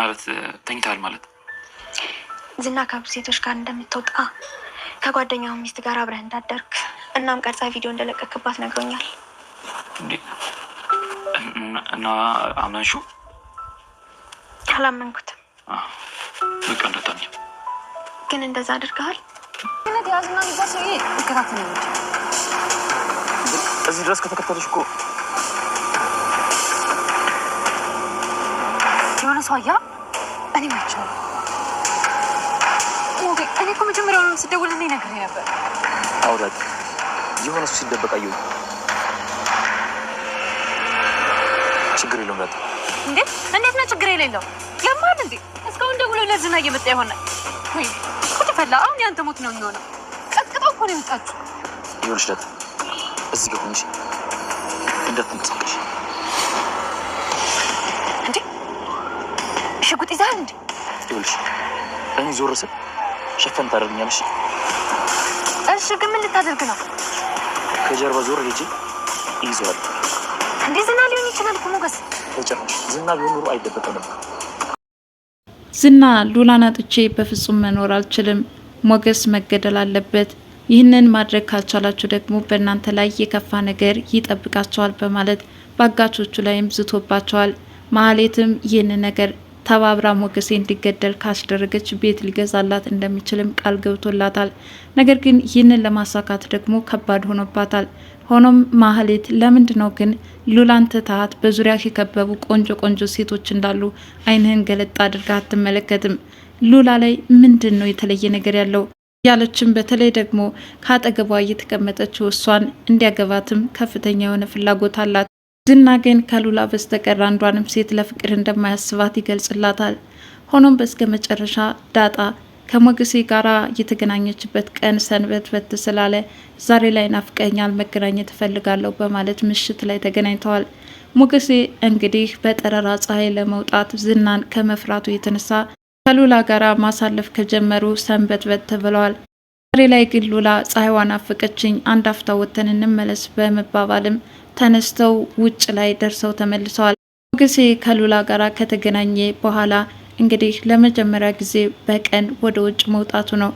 ማለት ተኝተሃል ማለት ዝና ከብዙ ሴቶች ጋር እንደምትወጣ ከጓደኛው ሚስት ጋር አብረህ እንዳደርግ እናም ቀርጻ ቪዲዮ እንደለቀክባት ነግሮኛል። እና አመንሹ? አላመንኩትም። በቃ እንደታኝ ግን እንደዛ አድርገሃል። እዚህ ድረስ ከተከተለሽ እኮ የሆነ ሰው እኔ መቸው ሞጌ፣ እኔ እኮ መጀመሪያውኑ ስደውልልኝ ነግሬህ ነበር። አውዳት የሆነ እሱ ሲደበቅ አየሁ። ችግር የለውም ዳት። እንዴ እንዴት ነው ችግር የሌለው? ያማል እንዴ እስካሁን ደውሎ ለዝና እየመጣ ይሆናል ወይ? አሁን ያንተ ሞት ነው የሚሆነው። ቀጥቅጠው እኮ ነው የመጣችሁ። ይኸውልሽ ዳት፣ እዚህ ጋር ሆንሽ እንዳትንቀሳቀሽ እኔ ዞር ስል ሸፈን ታደርግኛለሽ። እሺ፣ ግን ምን ልታደርግ ነው? ከጀርባ ዞር ሄጂ ይዞራል። እንዴ ዝና ሊሆን ይችላል እኮ ሞገስ። ዝና ቢሆን ኑሮ አይደበቅም ነበር። ዝና ሉላን አጥቼ በፍጹም መኖር አልችልም። ሞገስ መገደል አለበት። ይህንን ማድረግ ካልቻላችሁ ደግሞ በእናንተ ላይ የከፋ ነገር ይጠብቃቸዋል በማለት በአጋቾቹ ላይም ዝቶባቸዋል። ማህሌትም ይህንን ነገር ተባብራ ሞገሴ እንዲገደል ካስደረገች ቤት ሊገዛላት እንደሚችልም ቃል ገብቶላታል። ነገር ግን ይህንን ለማሳካት ደግሞ ከባድ ሆኖባታል። ሆኖም ማህሌት ለምንድ ነው ግን ሉላን ትታት በዙሪያ የከበቡ ቆንጆ ቆንጆ ሴቶች እንዳሉ አይንህን ገለጣ አድርጋ አትመለከትም? ሉላ ላይ ምንድን ነው የተለየ ነገር ያለው ያለችም በተለይ ደግሞ ከአጠገቧ እየተቀመጠችው እሷን እንዲያገባትም ከፍተኛ የሆነ ፍላጎት አላት። ዝና ግን ከሉላ በስተቀር አንዷንም ሴት ለፍቅር እንደማያስባት ይገልጽላታል። ሆኖም በስከ መጨረሻ ዳጣ ከሞገሴ ጋር የተገናኘችበት ቀን ሰንበት በት ስላለ ዛሬ ላይ ናፍቀኛል፣ መገናኘት እፈልጋለሁ በማለት ምሽት ላይ ተገናኝተዋል። ሞገሴ እንግዲህ በጠረራ ፀሐይ ለመውጣት ዝናን ከመፍራቱ የተነሳ ከሉላ ጋር ማሳለፍ ከጀመሩ ሰንበት በት ብለዋል። ዛሬ ላይ ግን ሉላ ፀሐይዋን አፈቀችኝ፣ አንድ አፍታ ወተን እንመለስ በመባባልም ተነስተው ውጭ ላይ ደርሰው ተመልሰዋል። ሞገሴ ከሉላ ጋር ከተገናኘ በኋላ እንግዲህ ለመጀመሪያ ጊዜ በቀን ወደ ውጭ መውጣቱ ነው።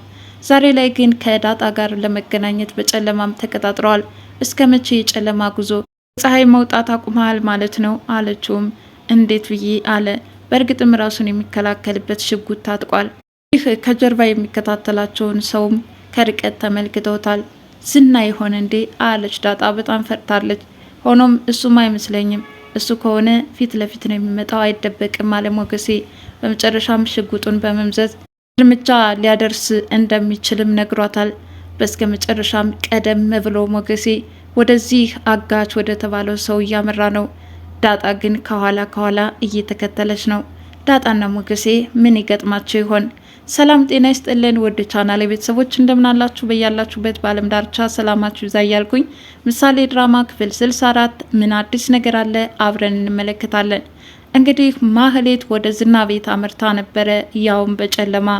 ዛሬ ላይ ግን ከዳጣ ጋር ለመገናኘት በጨለማም ተቀጣጥረዋል። እስከ መቼ የጨለማ ጉዞ? ፀሐይ መውጣት አቁመሃል ማለት ነው አለችውም። እንዴት ብዬ አለ። በእርግጥም ራሱን የሚከላከልበት ሽጉጥ ታጥቋል። ይህ ከጀርባ የሚከታተላቸውን ሰውም ከርቀት ተመልክተውታል። ዝና የሆነ እንዴ አለች ዳጣ። በጣም ፈርታለች። ሆኖም እሱም አይመስለኝም። እሱ ከሆነ ፊት ለፊት ነው የሚመጣው፣ አይደበቅም አለ ሞገሴ። በመጨረሻም ሽጉጡን በመምዘዝ እርምጃ ሊያደርስ እንደሚችልም ነግሯታል። በስከ መጨረሻም ቀደም ብሎ ሞገሴ ወደዚህ አጋች ወደ ተባለው ሰው እያመራ ነው። ዳጣ ግን ከኋላ ከኋላ እየተከተለች ነው። ዳጣና ሞገሴ ምን ይገጥማቸው ይሆን? ሰላም ጤና ይስጥልን ውድ ቻናሌ ቤተሰቦች እንደምናላችሁ በያላችሁበት በአለም ዳርቻ ሰላማችሁ ይዛ እያልኩኝ ምሳሌ ድራማ ክፍል 64 ምን አዲስ ነገር አለ አብረን እንመለከታለን። እንግዲህ ማህሌት ወደ ዝና ቤት አምርታ ነበረ፣ ያውም በጨለማ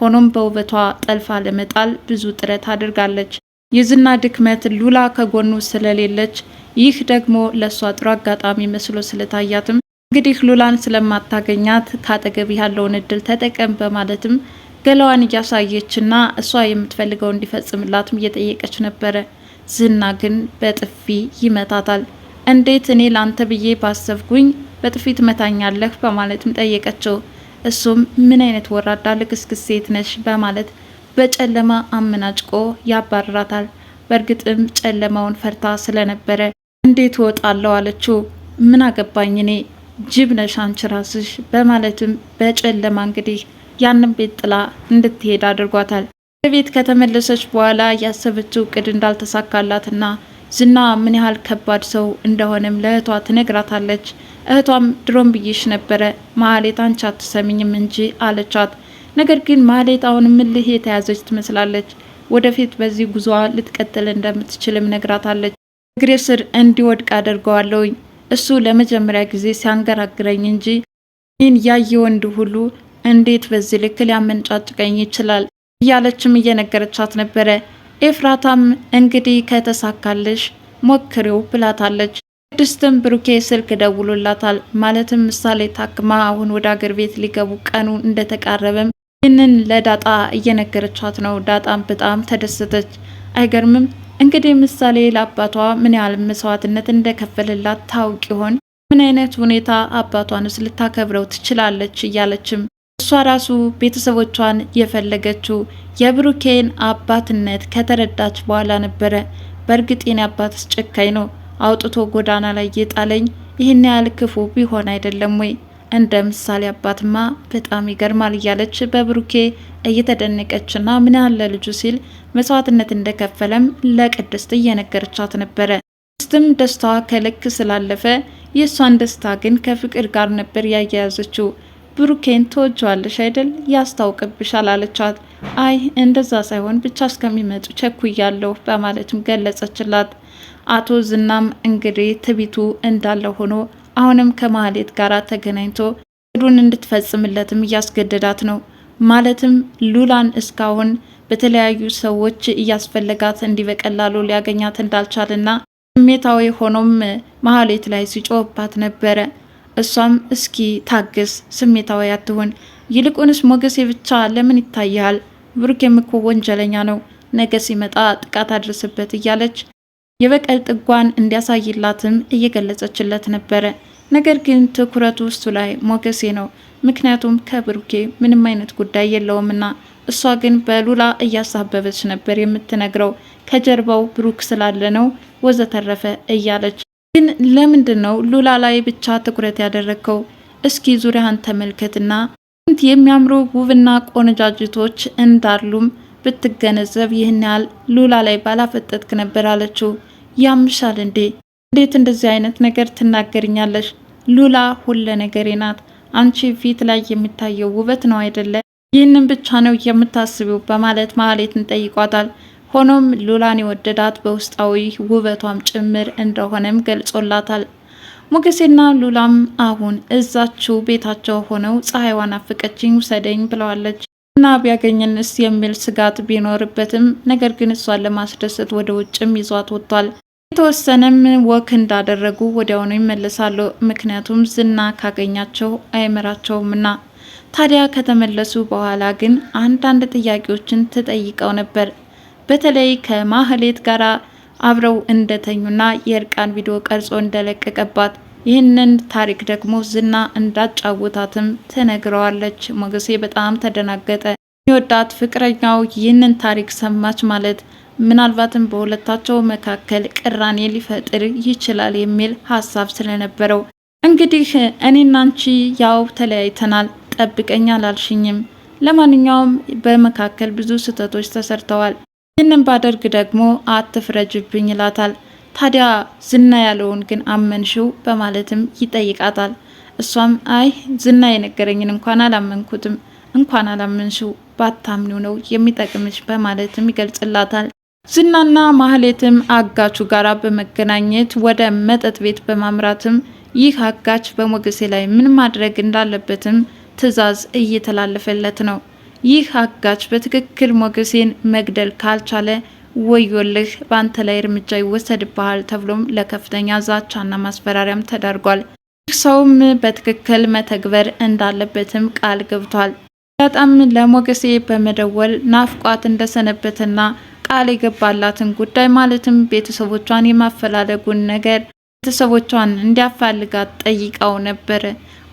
ሆኖም በውበቷ ጠልፋ ለመጣል ብዙ ጥረት አድርጋለች። የዝና ድክመት ሉላ ከጎኑ ስለሌለች ይህ ደግሞ ለእሷ ጥሩ አጋጣሚ መስሎ ስለታያትም እንግዲህ ሉላን ስለማታገኛት ታጠገብ ያለውን እድል ተጠቀም በማለትም ገላዋን እያሳየችና እሷ የምትፈልገው እንዲፈጽምላትም እየጠየቀች ነበረ። ዝና ግን በጥፊ ይመታታል። እንዴት እኔ ለአንተ ብዬ ባሰብኩኝ በጥፊ ትመታኛለህ? በማለትም ጠየቀችው። እሱም ምን አይነት ወራዳ ልክስክስ ሴት ነሽ? በማለት በጨለማ አመናጭቆ ያባርራታል። በእርግጥም ጨለማውን ፈርታ ስለነበረ እንዴት እወጣለሁ አለችው። ምን አገባኝ እኔ ጅብ ነሽ አንቺ ራስሽ በማለትም በጨለማ እንግዲህ ያንን ቤት ጥላ እንድትሄድ አድርጓታል። ቤት ከተመለሰች በኋላ ያሰበችው እቅድ እንዳልተሳካላትና ዝና ምን ያህል ከባድ ሰው እንደሆነም ለእህቷ ትነግራታለች። እህቷም ድሮም ብዬሽ ነበረ ማህሌት አንቺ አትሰሚኝም እንጂ አለቻት። ነገር ግን ማህሌት አሁን ምልህ የተያዘች ትመስላለች። ወደፊት በዚህ ጉዞዋ ልትቀጥል እንደምትችልም ነግራታለች። እግሬ ስር እንዲወድቅ አደርገዋለውኝ። እሱ ለመጀመሪያ ጊዜ ሲያንገራግረኝ እንጂ ይህን ያየ ወንድ ሁሉ እንዴት በዚህ ልክ ሊያመንጫጭቀኝ ይችላል? እያለችም እየነገረቻት ነበረ። ኤፍራታም እንግዲህ ከተሳካልሽ ሞክሪው ብላታለች። ቅድስትም ብሩኬ ስልክ ደውሎላታል። ማለትም ምሳሌ ታክማ አሁን ወደ አገር ቤት ሊገቡ ቀኑ እንደተቃረበም ይህንን ለዳጣ እየነገረቻት ነው። ዳጣም በጣም ተደሰተች። አይገርምም? እንግዲህ ምሳሌ ለአባቷ ምን ያህል መስዋዕትነት እንደከፈለላት ታውቅ ይሆን? ምን አይነት ሁኔታ አባቷንስ ልታከብረው ትችላለች? እያለችም እሷ ራሱ ቤተሰቦቿን የፈለገችው የብሩኬን አባትነት ከተረዳች በኋላ ነበረ። በእርግጥ የኔ አባትስ ጨካኝ ነው፣ አውጥቶ ጎዳና ላይ የጣለኝ ይህን ያህል ክፉ ቢሆን አይደለም ወይ እንደ ምሳሌ አባትማ በጣም ይገርማል እያለች በብሩኬ እየተደነቀችና ምን ያለ ልጁ ሲል መስዋዕትነት እንደከፈለም ለቅድስት እየነገረቻት ነበረ። ቅድስትም ደስታዋ ከልክ ስላለፈ የእሷን ደስታ ግን ከፍቅር ጋር ነበር ያያያዘችው። ብሩኬን ተወጇዋለሽ አይደል ያስታውቅብሻል አለቻት። አይ እንደዛ ሳይሆን ብቻ እስከሚመጡ ቸኩያለሁ በማለትም ገለጸችላት። አቶ ዝናም እንግዲህ ትቢቱ እንዳለ ሆኖ አሁንም ከማህሌት ጋር ተገናኝቶ እዱን እንድትፈጽምለትም እያስገደዳት ነው። ማለትም ሉላን እስካሁን በተለያዩ ሰዎች እያስፈለጋት እንዲህ በቀላሉ ሊያገኛት እንዳልቻልና ስሜታዊ ሆኖም ማህሌት ላይ ሲጮህባት ነበረ። እሷም እስኪ ታግስ፣ ስሜታዊ አትሆን፣ ይልቁንስ ሞገሴ ብቻ ለምን ይታይሃል? ብሩኬም እኮ ወንጀለኛ ነው፣ ነገ ሲመጣ ጥቃት አድርስበት እያለች የበቀል ጥጓን እንዲያሳይላትም እየገለጸችለት ነበረ። ነገር ግን ትኩረቱ እሱ ላይ ሞገሴ ነው። ምክንያቱም ከብሩኬ ምንም አይነት ጉዳይ የለውምና፣ እሷ ግን በሉላ እያሳበበች ነበር የምትነግረው። ከጀርባው ብሩክ ስላለ ነው ወዘተረፈ እያለች ግን ለምንድን ነው ሉላ ላይ ብቻ ትኩረት ያደረግከው? እስኪ ዙሪያህን ተመልከትና የሚያምሩ ውብና ቆነጃጅቶች እንዳሉም ብትገነዘብ ይህን ያህል ሉላ ላይ ባላፈጠጥክ ነበር አለችው። ያምሻል እንዴ? እንዴት እንደዚህ አይነት ነገር ትናገርኛለሽ? ሉላ ሁለ ነገሬ ናት። አንቺ ፊት ላይ የሚታየው ውበት ነው አይደለ? ይህንን ብቻ ነው የምታስቢው በማለት ማህሌትን ጠይቋታል። ሆኖም ሉላን የወደዳት በውስጣዊ ውበቷም ጭምር እንደሆነም ገልጾላታል። ሞገሴና ሉላም አሁን እዛችው ቤታቸው ሆነው ፀሐይዋን አፍቀችኝ ውሰደኝ ብለዋለች። እና ቢያገኝንስ የሚል ስጋት ቢኖርበትም ነገር ግን እሷን ለማስደሰት ወደ ውጭም ይዟት ወጥቷል። የተወሰነም ወክ እንዳደረጉ ወዲያውኑ ይመለሳሉ። ምክንያቱም ዝና ካገኛቸው አይምራቸውምና። ታዲያ ከተመለሱ በኋላ ግን አንዳንድ ጥያቄዎችን ተጠይቀው ነበር። በተለይ ከማህሌት ጋር አብረው እንደተኙና የእርቃን ቪዲዮ ቀርጾ እንደለቀቀባት ይህንን ታሪክ ደግሞ ዝና እንዳጫወታትም ትነግረዋለች። ሞገሴ በጣም ተደናገጠ። የሚወዳት ፍቅረኛው ይህንን ታሪክ ሰማች ማለት ምናልባትም በሁለታቸው መካከል ቅራኔ ሊፈጥር ይችላል የሚል ሀሳብ ስለነበረው እንግዲህ እኔና አንቺ ያው ተለያይተናል፣ ጠብቀኝ አላልሽኝም። ለማንኛውም በመካከል ብዙ ስህተቶች ተሰርተዋል። ይህንን ባደርግ ደግሞ አትፍረጅብኝ ይላታል። ታዲያ ዝና ያለውን ግን አመንሽው በማለትም ይጠይቃታል። እሷም አይ ዝና የነገረኝን እንኳን አላመንኩትም፣ እንኳን አላመንሽው ባታምኒው ነው የሚጠቅምሽ በማለትም ይገልጽላታል። ዝናና ማህሌትም አጋቹ ጋር በመገናኘት ወደ መጠጥ ቤት በማምራትም ይህ አጋች በሞገሴ ላይ ምን ማድረግ እንዳለበትም ትዕዛዝ እየተላለፈለት ነው። ይህ አጋች በትክክል ሞገሴን መግደል ካልቻለ ወዮልህ በአንተ ላይ እርምጃ ይወሰድብሃል ተብሎም ለከፍተኛ ዛቻና ማስፈራሪያም ተዳርጓል። ይህ ሰውም በትክክል መተግበር እንዳለበትም ቃል ገብቷል። በጣም ለሞገሴ በመደወል ናፍቋት እንደሰነበትና ቃል የገባላትን ጉዳይ ማለትም ቤተሰቦቿን የማፈላለጉን ነገር ቤተሰቦቿን እንዲያፋልጋት ጠይቃው ነበር።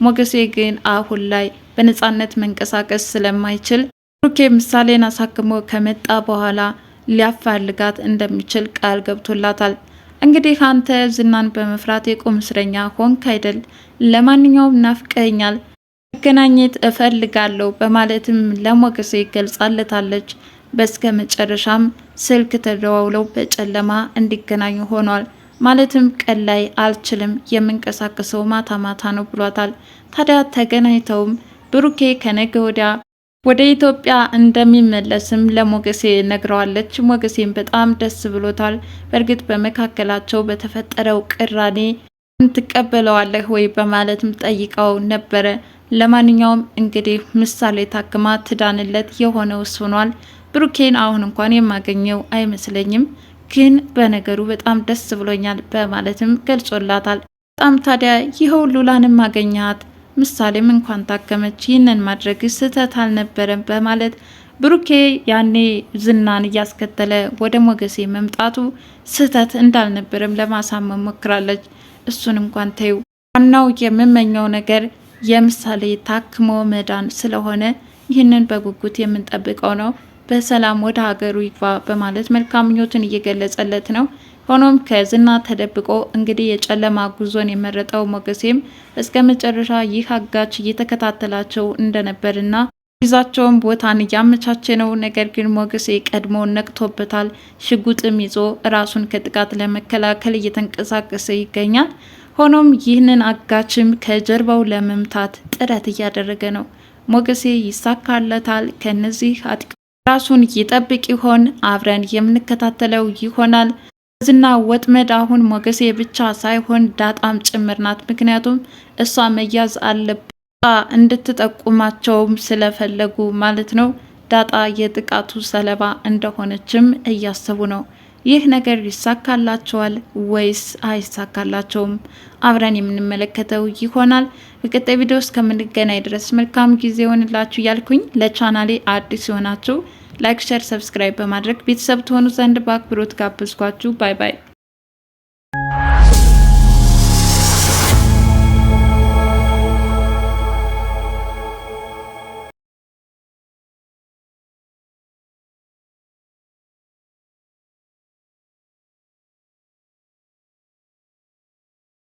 ሞገሴ ግን አሁን ላይ በነጻነት መንቀሳቀስ ስለማይችል ብሩኬ ምሳሌን አሳክሞ ከመጣ በኋላ ሊያፋልጋት እንደሚችል ቃል ገብቶላታል። እንግዲህ አንተ ዝናን በመፍራት የቁም እስረኛ ሆንክ አይደል? ለማንኛውም ናፍቀኛል፣ መገናኘት እፈልጋለሁ በማለትም ለሞገሴ ገልጻለታለች። በስከ መጨረሻም ስልክ ተደዋውለው በጨለማ እንዲገናኙ ሆኗል። ማለትም ቀን ላይ አልችልም የምንቀሳቀሰው ማታ ማታ ነው ብሏታል። ታዲያ ተገናኝተውም ብሩኬ ከነገ ወዲያ ወደ ኢትዮጵያ እንደሚመለስም ለሞገሴ ነግረዋለች። ሞገሴም በጣም ደስ ብሎታል። በእርግጥ በመካከላቸው በተፈጠረው ቅራኔ ትቀበለዋለህ ወይ በማለትም ጠይቀው ነበረ። ለማንኛውም እንግዲህ ምሳሌ ታክማ ትዳንለት የሆነው ሆኗል። ብሩኬን አሁን እንኳን የማገኘው አይመስለኝም፣ ግን በነገሩ በጣም ደስ ብሎኛል በማለትም ገልጾላታል። በጣም ታዲያ ይኸው ሉላንም ማገኛት። ምሳሌም እንኳን ታከመች፣ ይህንን ማድረግ ስህተት አልነበረም በማለት ብሩኬ ያኔ ዝናን እያስከተለ ወደ ሞገሴ መምጣቱ ስህተት እንዳልነበረም ለማሳመን ሞክራለች። እሱን እንኳን ተዩ፣ ዋናው የምመኘው ነገር የምሳሌ ታክሞ መዳን ስለሆነ ይህንን በጉጉት የምንጠብቀው ነው። በሰላም ወደ ሀገሩ ይግባ በማለት መልካም ምኞቱን እየገለጸለት ነው። ሆኖም ከዝና ተደብቆ እንግዲህ የጨለማ ጉዞን የመረጠው ሞገሴም እስከ መጨረሻ ይህ አጋች እየተከታተላቸው እንደነበርና ይዛቸውን ቦታን እያመቻቸ ነው። ነገር ግን ሞገሴ ቀድሞ ነቅቶበታል። ሽጉጥም ይዞ ራሱን ከጥቃት ለመከላከል እየተንቀሳቀሰ ይገኛል። ሆኖም ይህንን አጋችም ከጀርባው ለመምታት ጥረት እያደረገ ነው። ሞገሴ ይሳካለታል። ከነዚህ አጥቂ ራሱን ይጠብቅ ይሆን? አብረን የምንከታተለው ይሆናል። ዝና ወጥመድ አሁን ሞገሴ ብቻ ሳይሆን ዳጣም ጭምር ናት። ምክንያቱም እሷ መያዝ አለባት እንድትጠቁማቸውም ስለፈለጉ ማለት ነው። ዳጣ የጥቃቱ ሰለባ እንደሆነችም እያሰቡ ነው። ይህ ነገር ይሳካላቸዋል ወይስ አይሳካላቸውም? አብረን የምንመለከተው ይሆናል። በቀጣይ ቪዲዮ እስከምንገናኝ ድረስ መልካም ጊዜ ሆንላችሁ እያልኩኝ ለቻናሌ አዲስ ይሆናችሁ ላይክ፣ ሸር፣ ሰብስክራይብ በማድረግ ቤተሰብ ትሆኑ ዘንድ በአክብሮት ጋብዝኳችሁ። ባይ ባይ።